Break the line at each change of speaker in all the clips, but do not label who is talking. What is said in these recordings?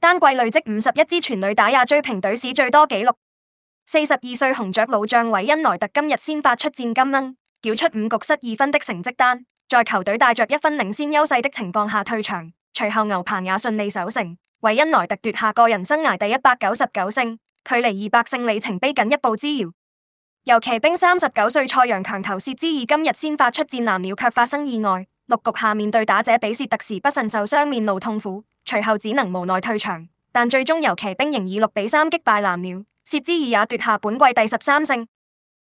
單季累積五十一支全壘打也追平隊，隊史最多紀錄。四十二歲紅雀老將韋恩萊特今日先發出戰金鶯，繳出五局失二分的成績單，在球隊帶着一分領先優勢的情況下退場。隨後牛棚也順利守成，韋恩萊特奪下個人生涯第一百九十九勝，距離二百勝里程碑僅一步之遙。遊騎兵三十九歲賽揚強投薛之意，今日先發出戰藍鳥，卻發生意外，六局下面對打者比謝特時不慎受傷面，面露痛苦。隨後只能無奈退場，但最終由騎兵營以六比三擊敗藍鳥，薛之二也奪下本季第十三勝。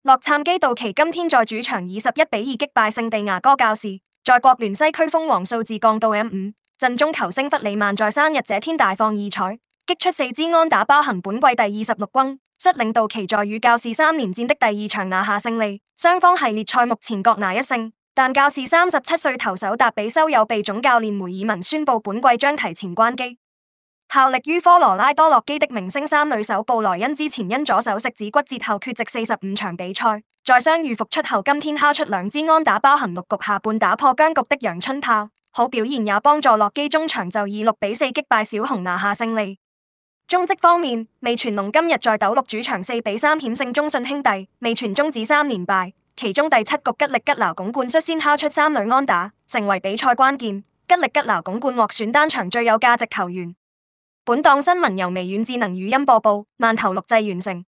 洛杉磯道奇今天在主場以十一比二擊敗聖地牙哥教士，在國聯西區蜂王數字降到 M 五，陣中球星弗里曼在生日這天大放異彩，擊出四支安打包行本季第二十六轟，率領道奇在與教士三連戰的第二場拿下勝利，雙方系列賽目前各拿一勝。但教士三十七歲投手達比修有被總教練梅爾文宣布本季將提前關機。效力於科羅拉多洛基的明星三壘手布萊恩之前因左手食指骨折後缺席四十五場比賽，在傷癒復出後，今天敲出兩支安打包含六局下半打破僵局的陽春炮，好表現也幫助洛基中場就以六比四擊敗小熊拿下勝利。中職方面，味全龍今日在斗六主場四比三險勝中信兄弟，味全終止三連敗。其中第七局吉力吉勞拱冠率先敲出三壘安打，成為比賽關鍵。吉力吉勞拱冠獲選單場最有價值球員。本檔新聞由微軟智能語音播報，慢投錄製完成。